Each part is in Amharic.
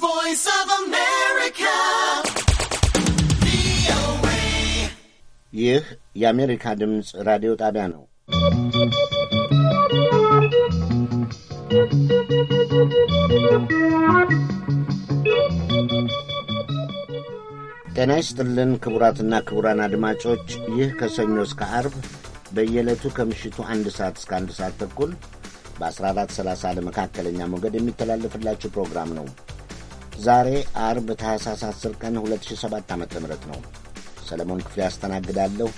voice of America. ይህ የአሜሪካ ድምፅ ራዲዮ ጣቢያ ነው። ጤና ይስጥልን ክቡራትና ክቡራን አድማጮች ይህ ከሰኞ እስከ አርብ በየዕለቱ ከምሽቱ አንድ ሰዓት እስከ አንድ ሰዓት ተኩል በ1430 ለመካከለኛ ሞገድ የሚተላለፍላችሁ ፕሮግራም ነው። ዛሬ አርብ ታህሳስ 10 ቀን 2007 ዓ ም ነው። ሰለሞን ክፍል ያስተናግዳለሁ።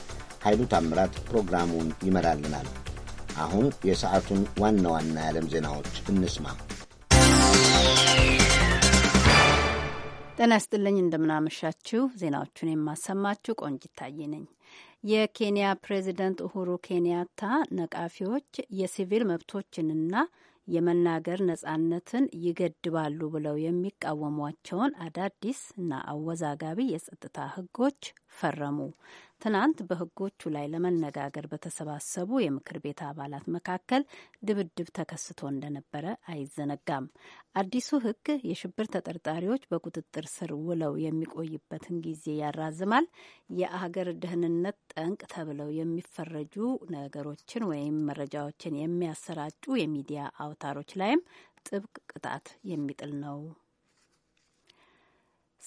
ኃይሉ ታምራት ፕሮግራሙን ይመራልናል። አሁን የሰዓቱን ዋና ዋና የዓለም ዜናዎች እንስማ። ጤና ይስጥልኝ። እንደምናመሻችሁ። ዜናዎቹን የማሰማችሁ ቆንጅ ታዬ ነኝ። የኬንያ ፕሬዚደንት ኡሁሩ ኬንያታ ነቃፊዎች የሲቪል መብቶችንና የመናገር ነጻነትን ይገድባሉ ብለው የሚቃወሟቸውን አዳዲስ እና አወዛጋቢ የጸጥታ ህጎች ፈረሙ። ትናንት በህጎቹ ላይ ለመነጋገር በተሰባሰቡ የምክር ቤት አባላት መካከል ድብድብ ተከስቶ እንደነበረ አይዘነጋም። አዲሱ ህግ የሽብር ተጠርጣሪዎች በቁጥጥር ስር ውለው የሚቆይበትን ጊዜ ያራዝማል። የአገር ደህንነት ጠንቅ ተብለው የሚፈረጁ ነገሮችን ወይም መረጃዎችን የሚያሰራጩ የሚዲያ አው አውታሮች ላይም ጥብቅ ቅጣት የሚጥል ነው።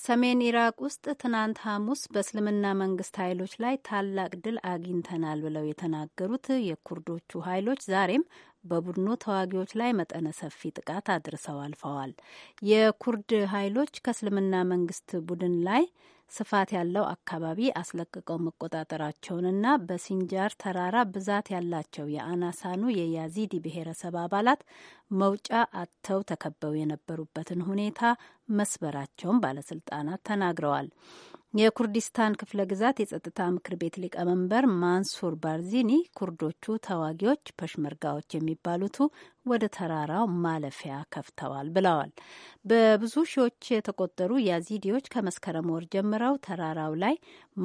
ሰሜን ኢራቅ ውስጥ ትናንት ሐሙስ በእስልምና መንግስት ኃይሎች ላይ ታላቅ ድል አግኝተናል ብለው የተናገሩት የኩርዶቹ ኃይሎች ዛሬም በቡድኑ ተዋጊዎች ላይ መጠነ ሰፊ ጥቃት አድርሰው አልፈዋል። የኩርድ ኃይሎች ከእስልምና መንግስት ቡድን ላይ ስፋት ያለው አካባቢ አስለቅቀው መቆጣጠራቸውንና በሲንጃር ተራራ ብዛት ያላቸው የአናሳኑ የያዚዲ ብሔረሰብ አባላት መውጫ አጥተው ተከበው የነበሩበትን ሁኔታ መስበራቸውን ባለስልጣናት ተናግረዋል። የኩርዲስታን ክፍለ ግዛት የጸጥታ ምክር ቤት ሊቀመንበር ማንሱር ባርዚኒ ኩርዶቹ ተዋጊዎች ፐሽመርጋዎች የሚባሉቱ ወደ ተራራው ማለፊያ ከፍተዋል ብለዋል። በብዙ ሺዎች የተቆጠሩ ያዚዲዎች ከመስከረም ወር ጀምረው ተራራው ላይ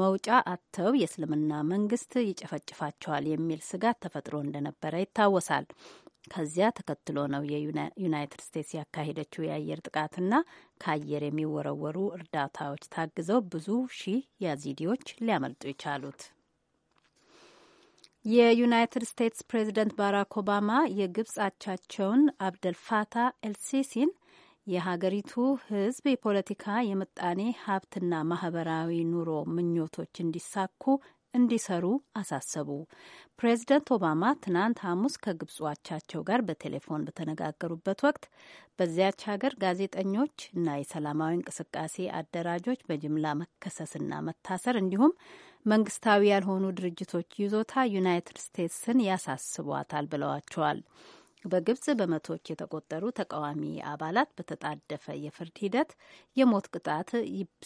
መውጫ አጥተው የእስልምና መንግስት ይጨፈጭፋቸዋል የሚል ስጋት ተፈጥሮ እንደነበረ ይታወሳል። ከዚያ ተከትሎ ነው የዩናይትድ ስቴትስ ያካሄደችው የአየር ጥቃትና ከአየር የሚወረወሩ እርዳታዎች ታግዘው ብዙ ሺህ ያዚዲዎች ሊያመልጡ የቻሉት። የዩናይትድ ስቴትስ ፕሬዚደንት ባራክ ኦባማ የግብጽ አቻቸውን አብደልፋታ ኤልሲሲን የሀገሪቱ ሕዝብ የፖለቲካ የምጣኔ ሀብትና ማህበራዊ ኑሮ ምኞቶች እንዲሳኩ እንዲሰሩ አሳሰቡ። ፕሬዚደንት ኦባማ ትናንት ሐሙስ ከግብጽ አቻቸው ጋር በቴሌፎን በተነጋገሩበት ወቅት በዚያች ሀገር ጋዜጠኞች እና የሰላማዊ እንቅስቃሴ አደራጆች በጅምላ መከሰስና መታሰር እንዲሁም መንግስታዊ ያልሆኑ ድርጅቶች ይዞታ ዩናይትድ ስቴትስን ያሳስቧታል ብለዋቸዋል። በግብጽ በመቶዎች የተቆጠሩ ተቃዋሚ አባላት በተጣደፈ የፍርድ ሂደት የሞት ቅጣት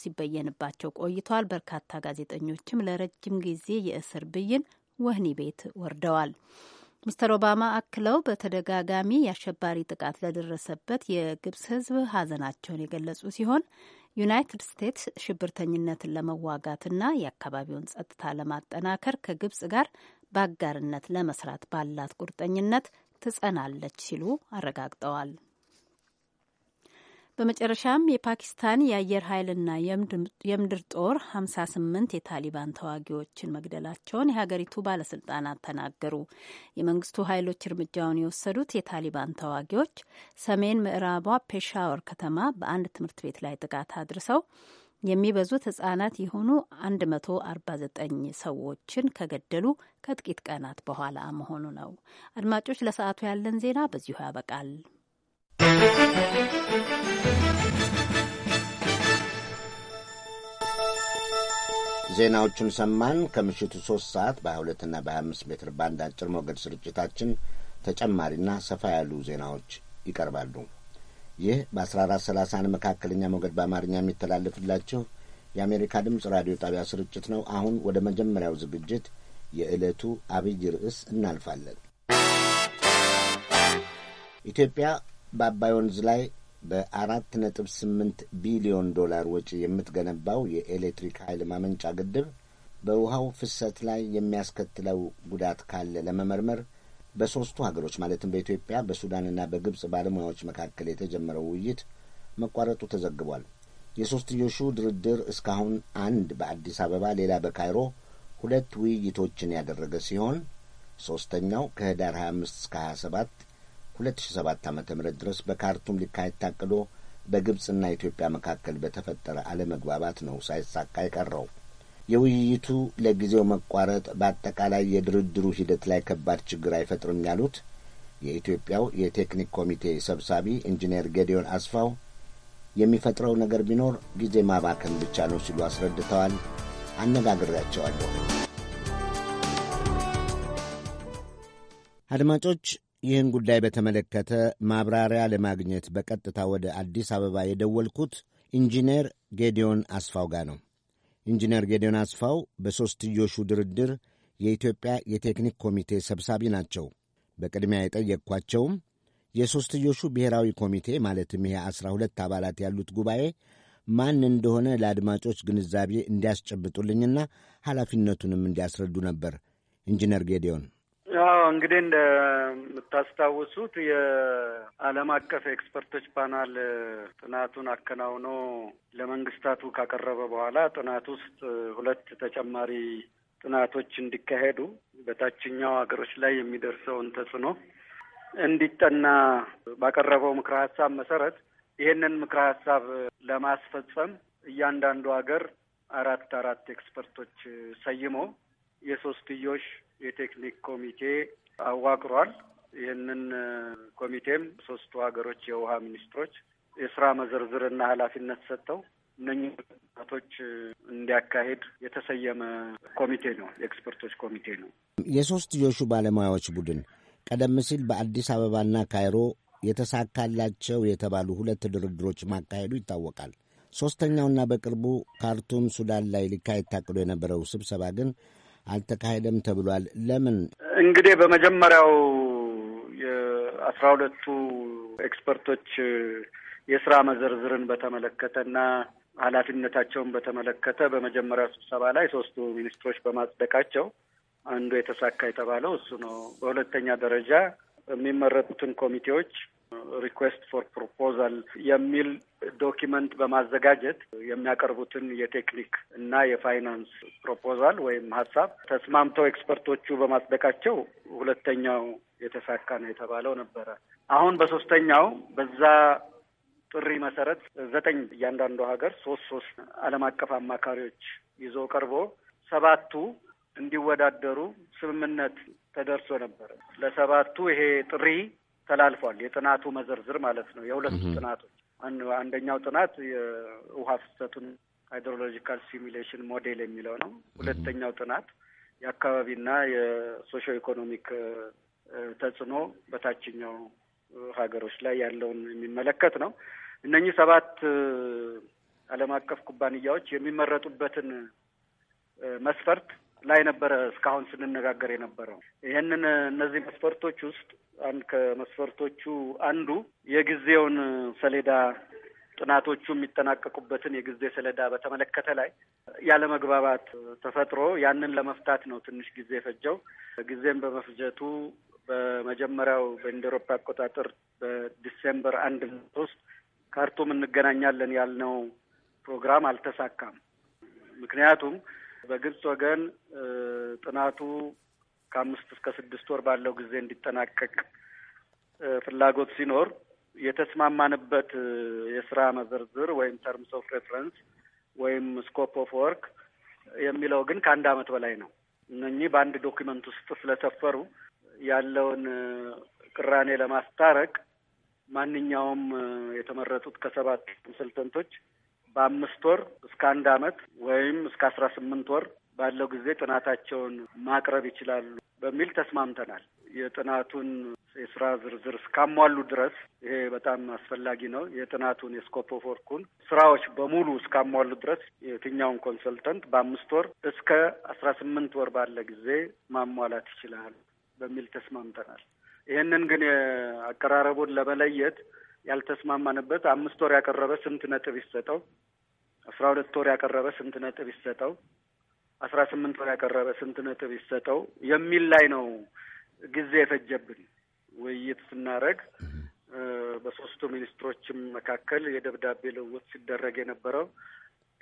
ሲበየንባቸው ቆይተዋል። በርካታ ጋዜጠኞችም ለረጅም ጊዜ የእስር ብይን ወህኒ ቤት ወርደዋል። ሚስተር ኦባማ አክለው በተደጋጋሚ የአሸባሪ ጥቃት ለደረሰበት የግብጽ ሕዝብ ሀዘናቸውን የገለጹ ሲሆን ዩናይትድ ስቴትስ ሽብርተኝነትን ለመዋጋትና የአካባቢውን ጸጥታ ለማጠናከር ከግብጽ ጋር በአጋርነት ለመስራት ባላት ቁርጠኝነት ትጸናለች ሲሉ አረጋግጠዋል። በመጨረሻም የፓኪስታን የአየር ኃይልና የምድር ጦር 58 የታሊባን ተዋጊዎችን መግደላቸውን የሀገሪቱ ባለስልጣናት ተናገሩ። የመንግስቱ ኃይሎች እርምጃውን የወሰዱት የታሊባን ተዋጊዎች ሰሜን ምዕራቧ ፔሻወር ከተማ በአንድ ትምህርት ቤት ላይ ጥቃት አድርሰው የሚበዙት ህጻናት የሆኑ 149 ሰዎችን ከገደሉ ከጥቂት ቀናት በኋላ መሆኑ ነው። አድማጮች፣ ለሰዓቱ ያለን ዜና በዚሁ ያበቃል። ዜናዎቹን ሰማን። ከምሽቱ ሶስት ሰዓት በ22 እና በ25 ሜትር ባንድ አጭር ሞገድ ስርጭታችን ተጨማሪና ሰፋ ያሉ ዜናዎች ይቀርባሉ። ይህ በ1430 መካከለኛ ሞገድ በአማርኛ የሚተላለፍላችሁ የአሜሪካ ድምፅ ራዲዮ ጣቢያ ስርጭት ነው። አሁን ወደ መጀመሪያው ዝግጅት የዕለቱ አብይ ርዕስ እናልፋለን። ኢትዮጵያ በአባይ ወንዝ ላይ በአራት ነጥብ ስምንት ቢሊዮን ዶላር ወጪ የምትገነባው የኤሌክትሪክ ኃይል ማመንጫ ግድብ በውሃው ፍሰት ላይ የሚያስከትለው ጉዳት ካለ ለመመርመር በሦስቱ ሀገሮች ማለትም በኢትዮጵያ፣ በሱዳንና በግብጽ ባለሙያዎች መካከል የተጀመረው ውይይት መቋረጡ ተዘግቧል። የሦስትዮሹ ድርድር እስካሁን አንድ በአዲስ አበባ ሌላ በካይሮ ሁለት ውይይቶችን ያደረገ ሲሆን ሦስተኛው ከህዳር 25 እስከ 27 2007 ዓ ም ድረስ በካርቱም ሊካሄድ ታቅዶ በግብፅና ኢትዮጵያ መካከል በተፈጠረ አለመግባባት ነው ሳይሳካ የቀረው። የውይይቱ ለጊዜው መቋረጥ በአጠቃላይ የድርድሩ ሂደት ላይ ከባድ ችግር አይፈጥርም ያሉት የኢትዮጵያው የቴክኒክ ኮሚቴ ሰብሳቢ ኢንጂነር ጌዲዮን አስፋው የሚፈጥረው ነገር ቢኖር ጊዜ ማባከን ብቻ ነው ሲሉ አስረድተዋል። አነጋግሬያቸዋለሁ። አድማጮች፣ ይህን ጉዳይ በተመለከተ ማብራሪያ ለማግኘት በቀጥታ ወደ አዲስ አበባ የደወልኩት ኢንጂነር ጌዲዮን አስፋው ጋር ነው። ኢንጂነር ጌዴዮን አስፋው በሦስትዮሹ ድርድር የኢትዮጵያ የቴክኒክ ኮሚቴ ሰብሳቢ ናቸው። በቅድሚያ የጠየቅኳቸውም የሦስትዮሹ ብሔራዊ ኮሚቴ ማለትም ይሄ ዐሥራ ሁለት አባላት ያሉት ጉባኤ ማን እንደሆነ ለአድማጮች ግንዛቤ እንዲያስጨብጡልኝና ኃላፊነቱንም እንዲያስረዱ ነበር። ኢንጂነር ጌዴዮን አዎ እንግዲህ እንደምታስታውሱት የዓለም አቀፍ ኤክስፐርቶች ፓናል ጥናቱን አከናውኖ ለመንግስታቱ ካቀረበ በኋላ ጥናት ውስጥ ሁለት ተጨማሪ ጥናቶች እንዲካሄዱ በታችኛው ሀገሮች ላይ የሚደርሰውን ተጽዕኖ እንዲጠና ባቀረበው ምክረ ሀሳብ መሰረት ይሄንን ምክረ ሀሳብ ለማስፈጸም እያንዳንዱ ሀገር አራት አራት ኤክስፐርቶች ሰይሞ የሶስትዮሽ የቴክኒክ ኮሚቴ አዋቅሯል። ይህንን ኮሚቴም ሶስቱ ሀገሮች የውሃ ሚኒስትሮች የስራ መዘርዝርና ኃላፊነት ሰጥተው እነኝህ ጥናቶች እንዲያካሄድ የተሰየመ ኮሚቴ ነው፣ የኤክስፐርቶች ኮሚቴ ነው። የሶስትዮሹ ባለሙያዎች ቡድን ቀደም ሲል በአዲስ አበባና ካይሮ የተሳካላቸው የተባሉ ሁለት ድርድሮች ማካሄዱ ይታወቃል። ሦስተኛውና በቅርቡ ካርቱም ሱዳን ላይ ሊካሄድ ታቅዶ የነበረው ስብሰባ ግን አልተካሄደም ተብሏል። ለምን? እንግዲህ በመጀመሪያው የአስራ ሁለቱ ኤክስፐርቶች የስራ መዘርዝርን በተመለከተና ኃላፊነታቸውን በተመለከተ በመጀመሪያ ስብሰባ ላይ ሶስቱ ሚኒስትሮች በማጽደቃቸው አንዱ የተሳካ የተባለው እሱ ነው። በሁለተኛ ደረጃ የሚመረጡትን ኮሚቴዎች ሪኩዌስት ፎር ፕሮፖዛል የሚል ዶኪመንት በማዘጋጀት የሚያቀርቡትን የቴክኒክ እና የፋይናንስ ፕሮፖዛል ወይም ሀሳብ ተስማምተው ኤክስፐርቶቹ በማጽደቃቸው ሁለተኛው የተሳካ ነው የተባለው ነበረ። አሁን በሶስተኛው በዛ ጥሪ መሰረት ዘጠኝ እያንዳንዱ ሀገር ሶስት ሶስት ዓለም አቀፍ አማካሪዎች ይዞ ቀርቦ ሰባቱ እንዲወዳደሩ ስምምነት ተደርሶ ነበር። ለሰባቱ ይሄ ጥሪ ተላልፏል። የጥናቱ መዘርዝር ማለት ነው። የሁለቱ ጥናቶች አንደኛው ጥናት የውሃ ፍሰቱን ሃይድሮሎጂካል ሲሚሌሽን ሞዴል የሚለው ነው። ሁለተኛው ጥናት የአካባቢና የሶሾ ኢኮኖሚክ ተጽዕኖ በታችኛው ሀገሮች ላይ ያለውን የሚመለከት ነው። እነኚህ ሰባት ዓለም አቀፍ ኩባንያዎች የሚመረጡበትን መስፈርት ላይ ነበረ እስካሁን ስንነጋገር የነበረው። ይህንን እነዚህ መስፈርቶች ውስጥ አንድ ከመስፈርቶቹ አንዱ የጊዜውን ሰሌዳ ጥናቶቹ የሚጠናቀቁበትን የጊዜ ሰሌዳ በተመለከተ ላይ ያለመግባባት ተፈጥሮ ያንን ለመፍታት ነው ትንሽ ጊዜ ፈጀው ጊዜን በመፍጀቱ በመጀመሪያው በእንደ አውሮፓ አቆጣጠር በዲሴምበር አንድ ሶስት ካርቱም እንገናኛለን ያልነው ፕሮግራም አልተሳካም። ምክንያቱም በግብጽ ወገን ጥናቱ ከአምስት እስከ ስድስት ወር ባለው ጊዜ እንዲጠናቀቅ ፍላጎት ሲኖር የተስማማንበት የስራ መዘርዝር ወይም ተርምስ ኦፍ ሬፍረንስ ወይም ስኮፕ ኦፍ ወርክ የሚለው ግን ከአንድ አመት በላይ ነው። እነኚህ በአንድ ዶክመንት ውስጥ ስለሰፈሩ ያለውን ቅራኔ ለማስታረቅ ማንኛውም የተመረጡት ከሰባት ኮንሰልተንቶች በአምስት ወር እስከ አንድ አመት ወይም እስከ አስራ ስምንት ወር ባለው ጊዜ ጥናታቸውን ማቅረብ ይችላሉ በሚል ተስማምተናል። የጥናቱን የስራ ዝርዝር እስካሟሉ ድረስ ይሄ በጣም አስፈላጊ ነው። የጥናቱን የስኮፕ ኦፍ ወርኩን ስራዎች በሙሉ እስካሟሉ ድረስ የትኛውን ኮንሰልተንት በአምስት ወር እስከ አስራ ስምንት ወር ባለ ጊዜ ማሟላት ይችላል በሚል ተስማምተናል። ይህንን ግን አቀራረቡን ለመለየት ያልተስማማንበት አምስት ወር ያቀረበ ስንት ነጥብ ይሰጠው? አስራ ሁለት ወር ያቀረበ ስንት ነጥብ ይሰጠው? አስራ ስምንት ወር ያቀረበ ስንት ነጥብ ይሰጠው የሚል ላይ ነው ጊዜ የፈጀብን ውይይት ስናደርግ በሶስቱ ሚኒስትሮችም መካከል የደብዳቤ ልውውጥ ሲደረግ የነበረው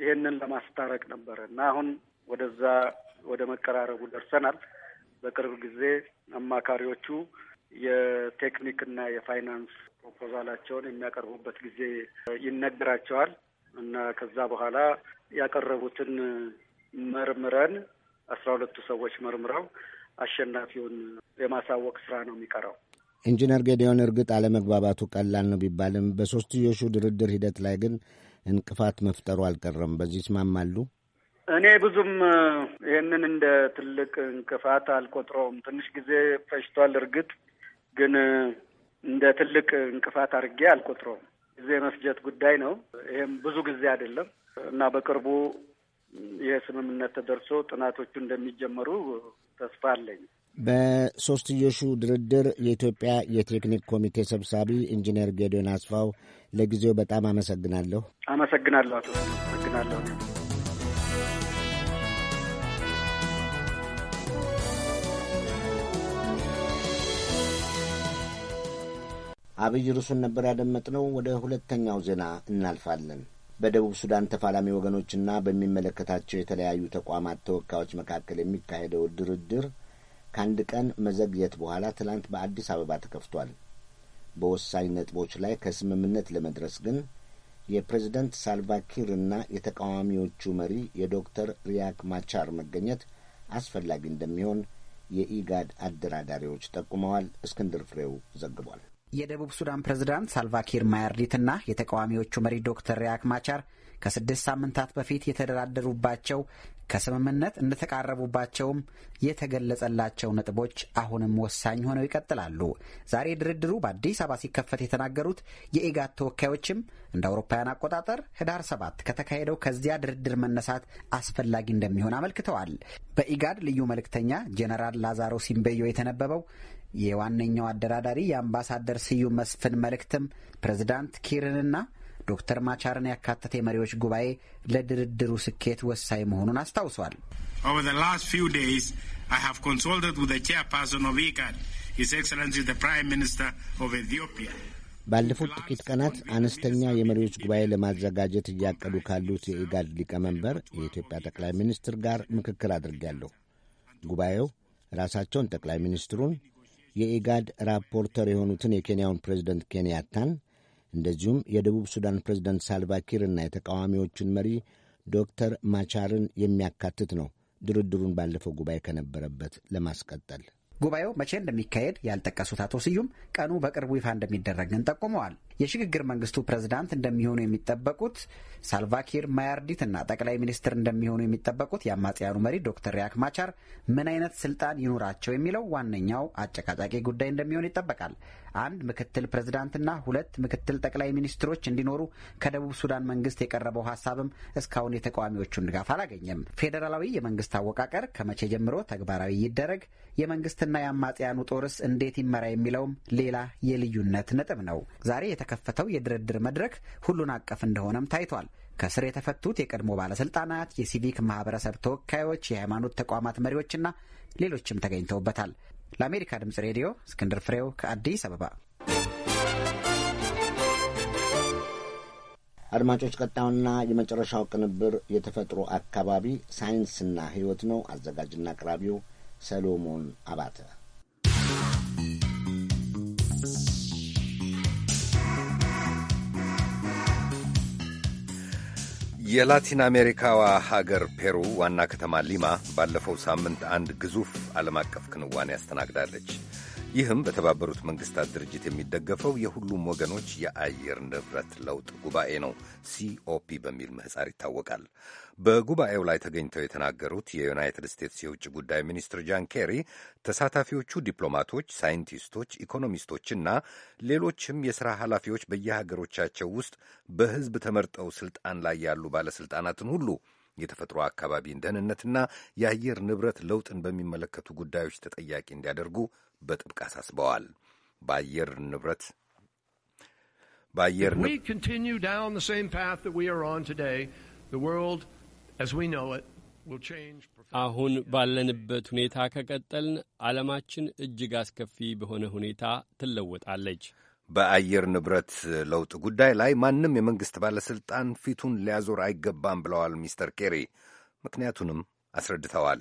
ይህንን ለማስታረቅ ነበረ እና አሁን ወደዛ ወደ መቀራረቡ ደርሰናል። በቅርብ ጊዜ አማካሪዎቹ የቴክኒክና የፋይናንስ ፕሮፖዛላቸውን የሚያቀርቡበት ጊዜ ይነገራቸዋል እና ከዛ በኋላ ያቀረቡትን መርምረን አስራ ሁለቱ ሰዎች መርምረው አሸናፊውን የማሳወቅ ስራ ነው የሚቀረው። ኢንጂነር ጌዲዮን እርግጥ አለመግባባቱ ቀላል ነው ቢባልም በሶስትዮሹ ድርድር ሂደት ላይ ግን እንቅፋት መፍጠሩ አልቀረም። በዚህ ይስማማሉ? እኔ ብዙም ይህንን እንደ ትልቅ እንቅፋት አልቆጥረውም። ትንሽ ጊዜ ፈጅቷል። እርግጥ ግን እንደ ትልቅ እንቅፋት አድርጌ አልቆጥረውም። ጊዜ መፍጀት ጉዳይ ነው። ይህም ብዙ ጊዜ አይደለም እና በቅርቡ ይህ ስምምነት ተደርሶ ጥናቶቹ እንደሚጀመሩ ተስፋ አለኝ። በሶስትዮሹ ድርድር የኢትዮጵያ የቴክኒክ ኮሚቴ ሰብሳቢ ኢንጂነር ጌዶን አስፋው ለጊዜው በጣም አመሰግናለሁ። አመሰግናለሁ አቶ አመሰግናለሁ። አብይ ርዕሱን ነበር ያደመጥነው። ወደ ሁለተኛው ዜና እናልፋለን። በደቡብ ሱዳን ተፋላሚ ወገኖችና በሚመለከታቸው የተለያዩ ተቋማት ተወካዮች መካከል የሚካሄደው ድርድር ከአንድ ቀን መዘግየት በኋላ ትላንት በአዲስ አበባ ተከፍቷል። በወሳኝ ነጥቦች ላይ ከስምምነት ለመድረስ ግን የፕሬዝደንት ሳልቫኪር እና የተቃዋሚዎቹ መሪ የዶክተር ሪያክ ማቻር መገኘት አስፈላጊ እንደሚሆን የኢጋድ አደራዳሪዎች ጠቁመዋል። እስክንድር ፍሬው ዘግቧል። የደቡብ ሱዳን ፕሬዝዳንት ሳልቫኪር ማያርዲትና የተቃዋሚዎቹ መሪ ዶክተር ሪያክ ማቻር ከስድስት ሳምንታት በፊት የተደራደሩባቸው ከስምምነት እንደተቃረቡባቸውም የተገለጸላቸው ነጥቦች አሁንም ወሳኝ ሆነው ይቀጥላሉ። ዛሬ ድርድሩ በአዲስ አበባ ሲከፈት የተናገሩት የኢጋድ ተወካዮችም እንደ አውሮፓውያን አቆጣጠር ህዳር ሰባት ከተካሄደው ከዚያ ድርድር መነሳት አስፈላጊ እንደሚሆን አመልክተዋል። በኢጋድ ልዩ መልእክተኛ ጄኔራል ላዛሮ ሲምቤዮ የተነበበው የዋነኛው አደራዳሪ የአምባሳደር ስዩም መስፍን መልእክትም ፕሬዝዳንት ኪርንና ዶክተር ማቻርን ያካተተ የመሪዎች ጉባኤ ለድርድሩ ስኬት ወሳኝ መሆኑን አስታውሷል። ባለፉት ጥቂት ቀናት አነስተኛ የመሪዎች ጉባኤ ለማዘጋጀት እያቀዱ ካሉት የኢጋድ ሊቀመንበር የኢትዮጵያ ጠቅላይ ሚኒስትር ጋር ምክክር አድርጌያለሁ። ጉባኤው ራሳቸውን ጠቅላይ ሚኒስትሩን የኢጋድ ራፖርተር የሆኑትን የኬንያውን ፕሬዝደንት ኬንያታን እንደዚሁም የደቡብ ሱዳን ፕሬዝደንት ሳልቫኪርና የተቃዋሚዎቹን መሪ ዶክተር ማቻርን የሚያካትት ነው። ድርድሩን ባለፈው ጉባኤ ከነበረበት ለማስቀጠል ጉባኤው መቼ እንደሚካሄድ ያልጠቀሱት አቶ ስዩም ቀኑ በቅርቡ ይፋ እንደሚደረግ ግን ጠቁመዋል። የሽግግር መንግስቱ ፕሬዝዳንት እንደሚሆኑ የሚጠበቁት ሳልቫኪር ማያርዲት እና ጠቅላይ ሚኒስትር እንደሚሆኑ የሚጠበቁት የአማጽያኑ መሪ ዶክተር ሪያክ ማቻር ምን አይነት ስልጣን ይኑራቸው የሚለው ዋነኛው አጨቃጫቂ ጉዳይ እንደሚሆን ይጠበቃል። አንድ ምክትል ፕሬዝዳንትና ሁለት ምክትል ጠቅላይ ሚኒስትሮች እንዲኖሩ ከደቡብ ሱዳን መንግስት የቀረበው ሀሳብም እስካሁን የተቃዋሚዎቹን ድጋፍ አላገኘም። ፌዴራላዊ የመንግስት አወቃቀር ከመቼ ጀምሮ ተግባራዊ ይደረግ፣ የመንግስትና የአማጽያኑ ጦርስ እንዴት ይመራ የሚለውም ሌላ የልዩነት ነጥብ ነው። ዛሬ የተከፈተው የድርድር መድረክ ሁሉን አቀፍ እንደሆነም ታይቷል። ከስር የተፈቱት የቀድሞ ባለስልጣናት፣ የሲቪክ ማህበረሰብ ተወካዮች፣ የሃይማኖት ተቋማት መሪዎችና ሌሎችም ተገኝተውበታል። ለአሜሪካ ድምጽ ሬዲዮ እስክንድር ፍሬው ከአዲስ አበባ። አድማጮች፣ ቀጣዩና የመጨረሻው ቅንብር የተፈጥሮ አካባቢ ሳይንስና ሕይወት ነው። አዘጋጅና አቅራቢው ሰሎሞን አባተ የላቲን አሜሪካዋ ሀገር ፔሩ ዋና ከተማ ሊማ ባለፈው ሳምንት አንድ ግዙፍ ዓለም አቀፍ ክንዋኔ አስተናግዳለች። ይህም በተባበሩት መንግስታት ድርጅት የሚደገፈው የሁሉም ወገኖች የአየር ንብረት ለውጥ ጉባኤ ነው። ሲኦፒ በሚል ምህጻር ይታወቃል። በጉባኤው ላይ ተገኝተው የተናገሩት የዩናይትድ ስቴትስ የውጭ ጉዳይ ሚኒስትር ጃን ኬሪ ተሳታፊዎቹ ዲፕሎማቶች፣ ሳይንቲስቶች፣ ኢኮኖሚስቶችና ሌሎችም የሥራ ኃላፊዎች በየሀገሮቻቸው ውስጥ በሕዝብ ተመርጠው ስልጣን ላይ ያሉ ባለሥልጣናትን ሁሉ የተፈጥሮ አካባቢን ደህንነትና የአየር ንብረት ለውጥን በሚመለከቱ ጉዳዮች ተጠያቂ እንዲያደርጉ በጥብቅ አሳስበዋል። በአየር ንብረት በአየር አሁን ባለንበት ሁኔታ ከቀጠልን ዓለማችን እጅግ አስከፊ በሆነ ሁኔታ ትለወጣለች። በአየር ንብረት ለውጥ ጉዳይ ላይ ማንም የመንግሥት ባለሥልጣን ፊቱን ሊያዞር አይገባም ብለዋል ሚስተር ኬሪ። ምክንያቱንም አስረድተዋል።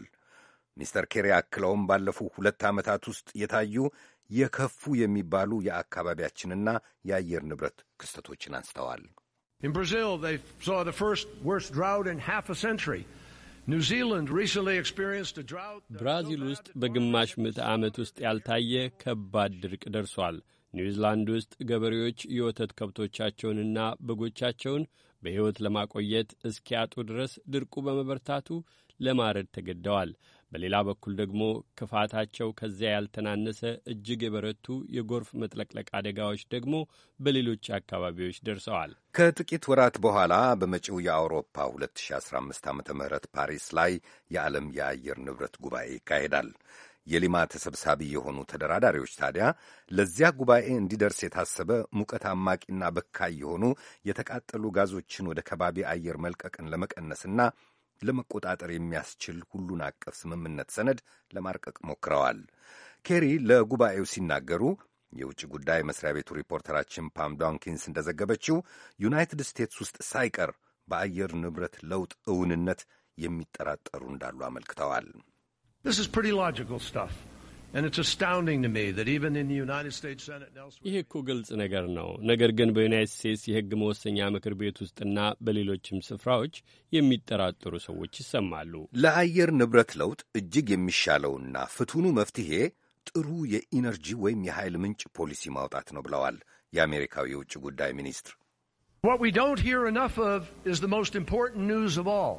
ሚስተር ኬሪ አክለውም ባለፉ ሁለት ዓመታት ውስጥ የታዩ የከፉ የሚባሉ የአካባቢያችንና የአየር ንብረት ክስተቶችን አንስተዋል። ብራዚል ውስጥ በግማሽ ምዕተ ዓመት ውስጥ ያልታየ ከባድ ድርቅ ደርሷል። ኒውዚላንድ ውስጥ ገበሬዎች የወተት ከብቶቻቸውንና በጎቻቸውን በሕይወት ለማቆየት እስኪያጡ ድረስ ድርቁ በመበርታቱ ለማረድ ተገደዋል። በሌላ በኩል ደግሞ ክፋታቸው ከዚያ ያልተናነሰ እጅግ የበረቱ የጎርፍ መጥለቅለቅ አደጋዎች ደግሞ በሌሎች አካባቢዎች ደርሰዋል። ከጥቂት ወራት በኋላ በመጪው የአውሮፓ 2015 ዓ ም ፓሪስ ላይ የዓለም የአየር ንብረት ጉባኤ ይካሄዳል። የሊማ ተሰብሳቢ የሆኑ ተደራዳሪዎች ታዲያ ለዚያ ጉባኤ እንዲደርስ የታሰበ ሙቀት አማቂና በካይ የሆኑ የተቃጠሉ ጋዞችን ወደ ከባቢ አየር መልቀቅን ለመቀነስና ለመቆጣጠር የሚያስችል ሁሉን አቀፍ ስምምነት ሰነድ ለማርቀቅ ሞክረዋል። ኬሪ ለጉባኤው ሲናገሩ የውጭ ጉዳይ መስሪያ ቤቱ ሪፖርተራችን ፓም ዶንኪንስ እንደዘገበችው ዩናይትድ ስቴትስ ውስጥ ሳይቀር በአየር ንብረት ለውጥ እውንነት የሚጠራጠሩ እንዳሉ አመልክተዋል። ይህ እኮ ግልጽ ነገር ነው። ነገር ግን በዩናይት ስቴትስ የሕግ መወሰኛ ምክር ቤት ውስጥና በሌሎችም ስፍራዎች የሚጠራጠሩ ሰዎች ይሰማሉ። ለአየር ንብረት ለውጥ እጅግ የሚሻለውና ፍቱኑ መፍትሄ ጥሩ የኢነርጂ ወይም የኃይል ምንጭ ፖሊሲ ማውጣት ነው ብለዋል የአሜሪካው የውጭ ጉዳይ ሚኒስትር። What we don't hear enough of is the most important news of all.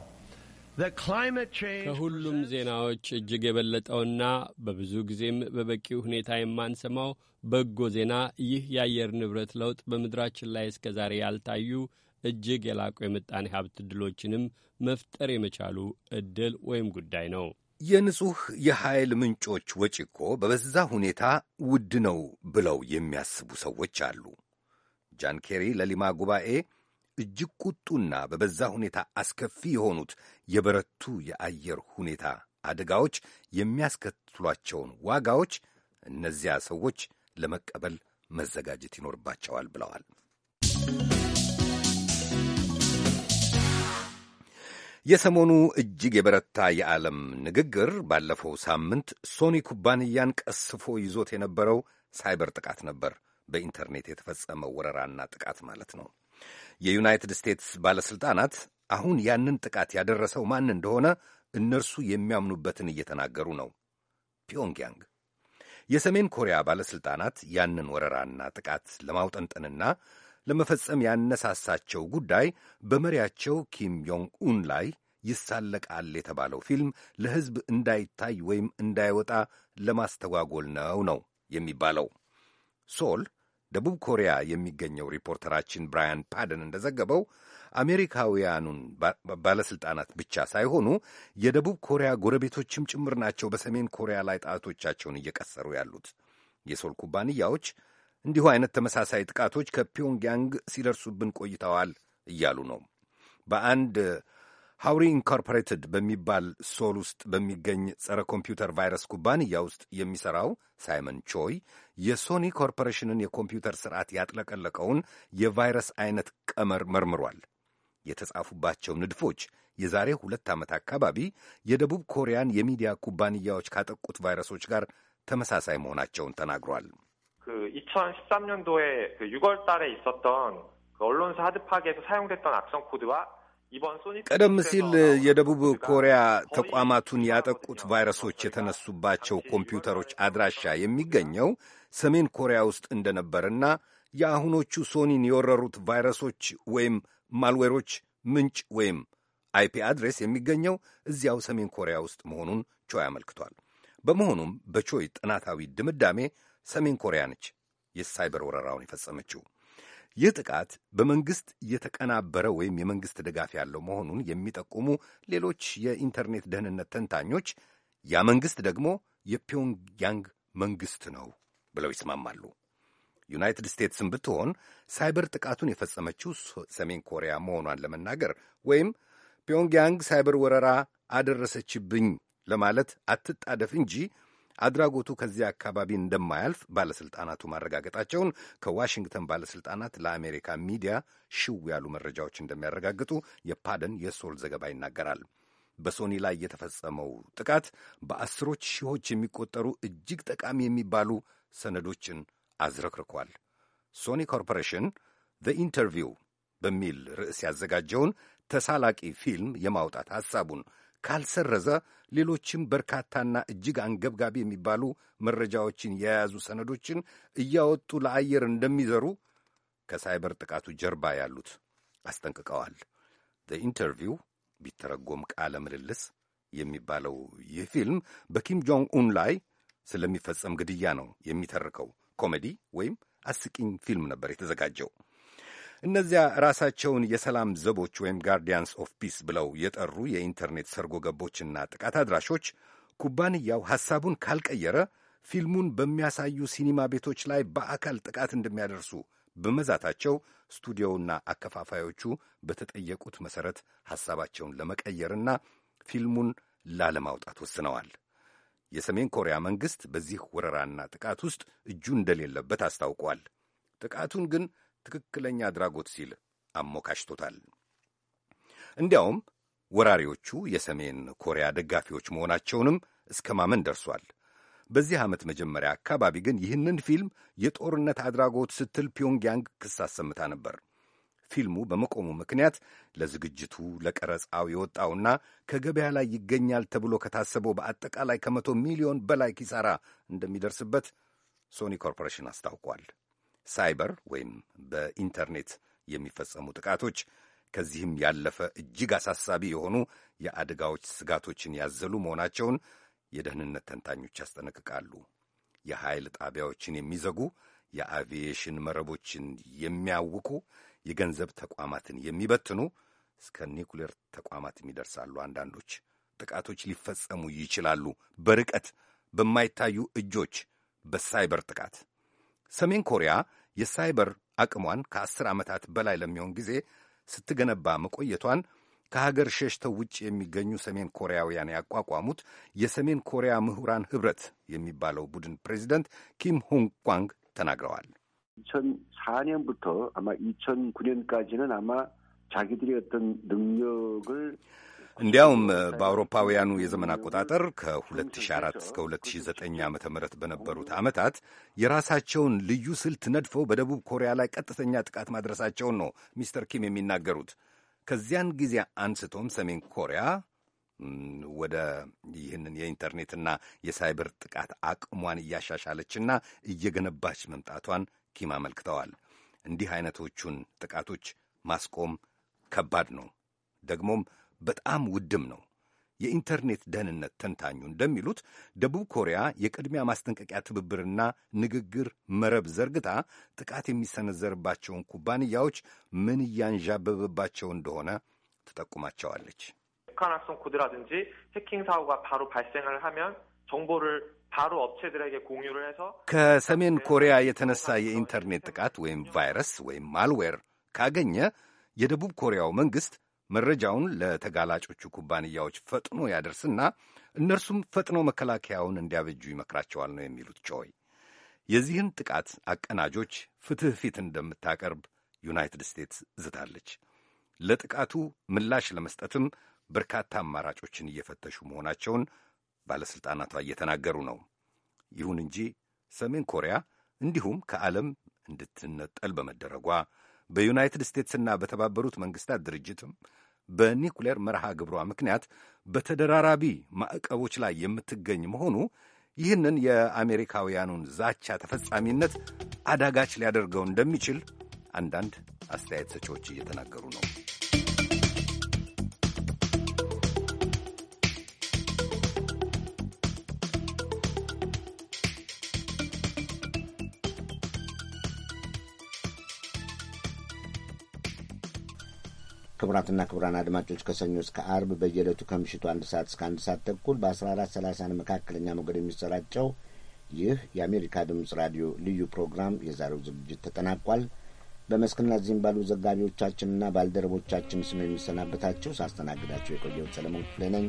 ከሁሉም ዜናዎች እጅግ የበለጠውና በብዙ ጊዜም በበቂ ሁኔታ የማንሰማው በጎ ዜና ይህ የአየር ንብረት ለውጥ በምድራችን ላይ እስከ ዛሬ ያልታዩ እጅግ የላቁ የምጣኔ ሀብት ዕድሎችንም መፍጠር የመቻሉ ዕድል ወይም ጉዳይ ነው። የንጹሕ የኃይል ምንጮች ወጪ እኮ በበዛ ሁኔታ ውድ ነው ብለው የሚያስቡ ሰዎች አሉ። ጃን ኬሪ ለሊማ ጉባኤ እጅግ ቁጡና በበዛ ሁኔታ አስከፊ የሆኑት የበረቱ የአየር ሁኔታ አደጋዎች የሚያስከትሏቸውን ዋጋዎች እነዚያ ሰዎች ለመቀበል መዘጋጀት ይኖርባቸዋል ብለዋል። የሰሞኑ እጅግ የበረታ የዓለም ንግግር ባለፈው ሳምንት ሶኒ ኩባንያን ቀስፎ ይዞት የነበረው ሳይበር ጥቃት ነበር። በኢንተርኔት የተፈጸመ ወረራና ጥቃት ማለት ነው። የዩናይትድ ስቴትስ ባለሥልጣናት አሁን ያንን ጥቃት ያደረሰው ማን እንደሆነ እነርሱ የሚያምኑበትን እየተናገሩ ነው። ፒዮንግያንግ የሰሜን ኮሪያ ባለሥልጣናት ያንን ወረራና ጥቃት ለማውጠንጠንና ለመፈጸም ያነሳሳቸው ጉዳይ በመሪያቸው ኪም ዮንግ ኡን ላይ ይሳለቃል የተባለው ፊልም ለሕዝብ እንዳይታይ ወይም እንዳይወጣ ለማስተጓጎል ነው ነው የሚባለው። ሶል፣ ደቡብ ኮሪያ የሚገኘው ሪፖርተራችን ብራያን ፓደን እንደዘገበው አሜሪካውያኑን ባለስልጣናት ብቻ ሳይሆኑ የደቡብ ኮሪያ ጎረቤቶችም ጭምር ናቸው በሰሜን ኮሪያ ላይ ጣቶቻቸውን እየቀሰሩ ያሉት። የሶል ኩባንያዎች እንዲሁ አይነት ተመሳሳይ ጥቃቶች ከፒዮንግያንግ ሲደርሱብን ቆይተዋል እያሉ ነው። በአንድ ሀውሪ ኢንኮርፖሬትድ በሚባል ሶል ውስጥ በሚገኝ ጸረ ኮምፒውተር ቫይረስ ኩባንያ ውስጥ የሚሠራው ሳይመን ቾይ የሶኒ ኮርፖሬሽንን የኮምፒውተር ስርዓት ያጥለቀለቀውን የቫይረስ አይነት ቀመር መርምሯል። የተጻፉባቸው ንድፎች የዛሬ ሁለት ዓመት አካባቢ የደቡብ ኮሪያን የሚዲያ ኩባንያዎች ካጠቁት ቫይረሶች ጋር ተመሳሳይ መሆናቸውን ተናግሯል። ቀደም ሲል የደቡብ ኮሪያ ተቋማቱን ያጠቁት ቫይረሶች የተነሱባቸው ኮምፒውተሮች አድራሻ የሚገኘው ሰሜን ኮሪያ ውስጥ እንደነበርና የአሁኖቹ ሶኒን የወረሩት ቫይረሶች ወይም ማልዌሮች ምንጭ ወይም አይፒ አድሬስ የሚገኘው እዚያው ሰሜን ኮሪያ ውስጥ መሆኑን ቾይ አመልክቷል። በመሆኑም በቾይ ጥናታዊ ድምዳሜ ሰሜን ኮሪያ ነች የሳይበር ወረራውን የፈጸመችው። ይህ ጥቃት በመንግሥት የተቀናበረ ወይም የመንግሥት ድጋፍ ያለው መሆኑን የሚጠቁሙ ሌሎች የኢንተርኔት ደህንነት ተንታኞች ያ መንግሥት ደግሞ የፒዮንግያንግ መንግሥት ነው ብለው ይስማማሉ። ዩናይትድ ስቴትስም ብትሆን ሳይበር ጥቃቱን የፈጸመችው ሰሜን ኮሪያ መሆኗን ለመናገር ወይም ፒዮንግያንግ ሳይበር ወረራ አደረሰችብኝ ለማለት አትጣደፍ እንጂ አድራጎቱ ከዚያ አካባቢ እንደማያልፍ ባለሥልጣናቱ ማረጋገጣቸውን ከዋሽንግተን ባለሥልጣናት ለአሜሪካ ሚዲያ ሽው ያሉ መረጃዎች እንደሚያረጋግጡ የፓደን የሶል ዘገባ ይናገራል። በሶኒ ላይ የተፈጸመው ጥቃት በአስሮች ሺዎች የሚቆጠሩ እጅግ ጠቃሚ የሚባሉ ሰነዶችን አዝረክርኳል። ሶኒ ኮርፖሬሽን ዘ ኢንተርቪው በሚል ርዕስ ያዘጋጀውን ተሳላቂ ፊልም የማውጣት ሐሳቡን ካልሰረዘ ሌሎችም በርካታና እጅግ አንገብጋቢ የሚባሉ መረጃዎችን የያዙ ሰነዶችን እያወጡ ለአየር እንደሚዘሩ ከሳይበር ጥቃቱ ጀርባ ያሉት አስጠንቅቀዋል። ኢንተርቪው ቢተረጎም ቃለ ምልልስ የሚባለው ይህ ፊልም በኪም ጆንግ ኡን ላይ ስለሚፈጸም ግድያ ነው የሚተርከው። ኮሜዲ ወይም አስቂኝ ፊልም ነበር የተዘጋጀው። እነዚያ ራሳቸውን የሰላም ዘቦች ወይም ጋርዲያንስ ኦፍ ፒስ ብለው የጠሩ የኢንተርኔት ሰርጎ ገቦችና ጥቃት አድራሾች ኩባንያው ሐሳቡን ካልቀየረ ፊልሙን በሚያሳዩ ሲኒማ ቤቶች ላይ በአካል ጥቃት እንደሚያደርሱ በመዛታቸው ስቱዲዮውና አከፋፋዮቹ በተጠየቁት መሠረት ሐሳባቸውን ለመቀየርና ፊልሙን ላለማውጣት ወስነዋል። የሰሜን ኮሪያ መንግሥት በዚህ ወረራና ጥቃት ውስጥ እጁ እንደሌለበት አስታውቋል። ጥቃቱን ግን ትክክለኛ አድራጎት ሲል አሞካሽቶታል። እንዲያውም ወራሪዎቹ የሰሜን ኮሪያ ደጋፊዎች መሆናቸውንም እስከ ማመን ደርሷል። በዚህ ዓመት መጀመሪያ አካባቢ ግን ይህንን ፊልም የጦርነት አድራጎት ስትል ፒዮንግያንግ ክስ አሰምታ ነበር። ፊልሙ በመቆሙ ምክንያት ለዝግጅቱ ለቀረጻው የወጣውና ከገበያ ላይ ይገኛል ተብሎ ከታሰበው በአጠቃላይ ከመቶ ሚሊዮን በላይ ኪሳራ እንደሚደርስበት ሶኒ ኮርፖሬሽን አስታውቋል። ሳይበር ወይም በኢንተርኔት የሚፈጸሙ ጥቃቶች ከዚህም ያለፈ እጅግ አሳሳቢ የሆኑ የአደጋዎች ስጋቶችን ያዘሉ መሆናቸውን የደህንነት ተንታኞች ያስጠነቅቃሉ። የኃይል ጣቢያዎችን የሚዘጉ የአቪዬሽን መረቦችን የሚያውቁ። የገንዘብ ተቋማትን የሚበትኑ እስከ ኒውክሌር ተቋማት የሚደርሳሉ። አንዳንዶች ጥቃቶች ሊፈጸሙ ይችላሉ፣ በርቀት በማይታዩ እጆች፣ በሳይበር ጥቃት። ሰሜን ኮሪያ የሳይበር አቅሟን ከአስር ዓመታት በላይ ለሚሆን ጊዜ ስትገነባ መቆየቷን ከሀገር ሸሽተው ውጭ የሚገኙ ሰሜን ኮሪያውያን ያቋቋሙት የሰሜን ኮሪያ ምሁራን ኅብረት የሚባለው ቡድን ፕሬዚደንት ኪም ሆንግ ኳንግ ተናግረዋል። 2004년부터 아마 2009년까지는 아마 자기들이 어떤 능력을 እንዲያውም በአውሮፓውያኑ የዘመን አቆጣጠር ከ2004 እስከ 2009 ዓ ም በነበሩት ዓመታት የራሳቸውን ልዩ ስልት ነድፈው በደቡብ ኮሪያ ላይ ቀጥተኛ ጥቃት ማድረሳቸውን ነው ሚስተር ኪም የሚናገሩት። ከዚያን ጊዜ አንስቶም ሰሜን ኮሪያ ወደ ይህንን የኢንተርኔትና የሳይበር ጥቃት አቅሟን እያሻሻለችና እየገነባች መምጣቷን ሐኪም አመልክተዋል። እንዲህ አይነቶቹን ጥቃቶች ማስቆም ከባድ ነው፣ ደግሞም በጣም ውድም ነው። የኢንተርኔት ደህንነት ተንታኙ እንደሚሉት ደቡብ ኮሪያ የቅድሚያ ማስጠንቀቂያ ትብብርና ንግግር መረብ ዘርግታ ጥቃት የሚሰነዘርባቸውን ኩባንያዎች ምን እያንዣበበባቸው እንደሆነ ትጠቁማቸዋለች። 바로 업체들에게 공유를 해서 ከሰሜን ኮሪያ የተነሳ የኢንተርኔት ጥቃት ወይም ቫይረስ ወይም ማልዌር ካገኘ የደቡብ ኮሪያው መንግስት መረጃውን ለተጋላጮቹ ኩባንያዎች ፈጥኖ ያደርስና እነርሱም ፈጥኖ መከላከያውን እንዲያበጁ ይመክራቸዋል ነው የሚሉት ጮይ። የዚህን ጥቃት አቀናጆች ፍትሕ ፊት እንደምታቀርብ ዩናይትድ ስቴትስ ዝታለች። ለጥቃቱ ምላሽ ለመስጠትም በርካታ አማራጮችን እየፈተሹ መሆናቸውን ባለሥልጣናቷ እየተናገሩ ነው። ይሁን እንጂ ሰሜን ኮሪያ እንዲሁም ከዓለም እንድትነጠል በመደረጓ በዩናይትድ ስቴትስና በተባበሩት መንግሥታት ድርጅትም በኒኩሌር መርሃ ግብሯ ምክንያት በተደራራቢ ማዕቀቦች ላይ የምትገኝ መሆኑ ይህንን የአሜሪካውያኑን ዛቻ ተፈጻሚነት አዳጋች ሊያደርገው እንደሚችል አንዳንድ አስተያየት ሰጪዎች እየተናገሩ ነው። ክቡራትና ክቡራን አድማጮች ከሰኞ እስከ አርብ በየዕለቱ ከምሽቱ አንድ ሰዓት እስከ አንድ ሰዓት ተኩል በ1430 መካከለኛ ሞገድ የሚሰራጨው ይህ የአሜሪካ ድምፅ ራዲዮ ልዩ ፕሮግራም የዛሬው ዝግጅት ተጠናቋል። በመስክና ዚህም ባሉ ዘጋቢዎቻችንና ባልደረቦቻችን ስም የሚሰናበታቸው ሳስተናግዳቸው የቆየሁት ሰለሞን ክፍሌ ነኝ።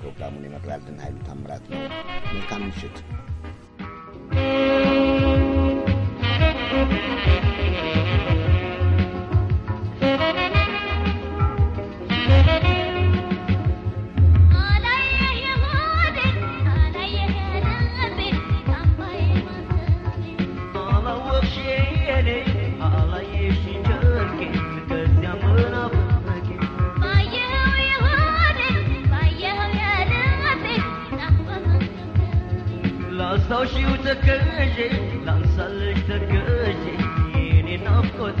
ፕሮግራሙን የመራልን ኃይሉ ታምራት ነው። መልካም ምሽት። ላስታው ሺው ተከዤ ላንሳልሽ ተርገዤ የኔ ናፍቆቴ